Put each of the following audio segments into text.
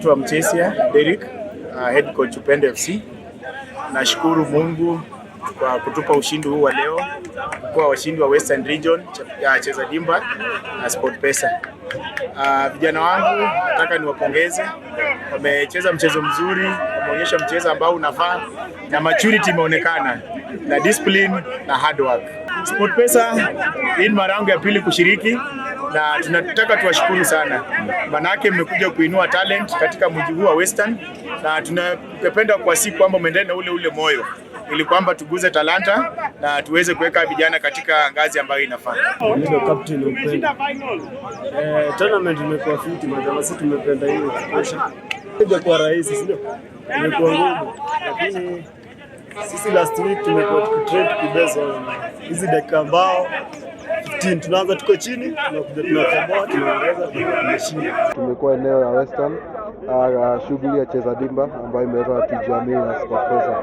Naitwa Mchesia Derrick, uh, head coach Upendo FC. Nashukuru Mungu kwa kutupa ushindi huu wa leo kwa washindi wa Western Region ya uh, Cheza Dimba na Pesa. Uh, vijana wangu nataka niwapongeze, wamecheza mchezo mzuri, wameonyesha mchezo ambao unafaa na maturity imeonekana na discipline na hard work. pesa hii ni mara yangu ya pili kushiriki na tunataka tuwashukuru sana, manake mmekuja kuinua talent katika mji huu wa Western, na tunapenda kuwasihi kwamba muendelee na ule ule moyo ili kwamba tuguze talanta na tuweze kuweka vijana katika ngazi ambayo inafaa. Ndio captain upenda. Eh, tournament imekuwa fiti, madama, sisi tumependa hiyo. kwa rais, sio? Imekuwa ngumu. Lakini sisi last week tumekuwa tukitrade kibezo hizi dakika ambao 15 tunaanza tuko chini, tunakuja tunaongeza, tunashinda. Tumekuwa eneo la Western ah, ah, shughuli ya Cheza Dimba ambayo imeletwa Tujamii na SportPesa.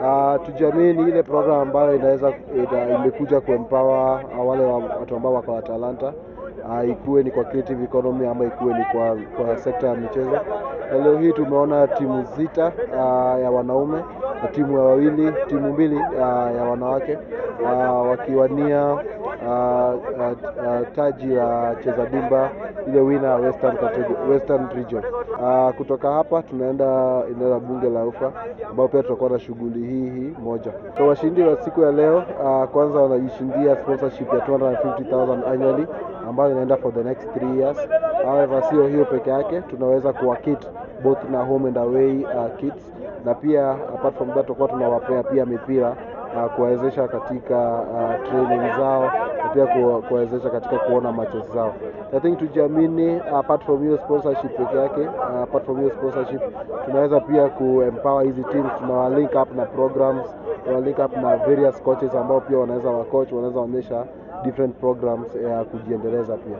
Uh, ah, Tujamii ni ile program ambayo inaweza imekuja kuempower wale watu ambao wako na talanta uh, ikuwe ni kwa creative economy ama ikuwe ni kwa, kwa sekta ya michezo. Na leo hii tumeona timu sita uh, ya wanaume timu ya wawili timu mbili uh, ya wanawake uh, wakiwania uh, uh, uh, taji la uh, cheza dimba ile wina Western, Western region uh, kutoka hapa tunaenda eneo la bunge la ufa ambao pia tutakuwa na shughuli hii hii moja. So washindi wa siku ya leo uh, kwanza wanajishindia sponsorship ya 250,000 annually ambayo inaenda for the next 3 years. However, sio hiyo peke yake, tunaweza kuwakit both na home and away uh, kits, na pia apart from that tutakuwa tunawapea pia mipira uh, kuwawezesha katika uh, training zao na pia kuwawezesha katika kuona matches zao. I think tujiamini, apart from hiyo sponsorship peke yake, uh, apart from hiyo sponsorship tunaweza pia kuempower hizi teams, tunawa link up na programs, tunawa link up na various coaches ambao pia wanaweza wa coach, wanaweza onyesha different programs ya uh, kujiendeleza pia.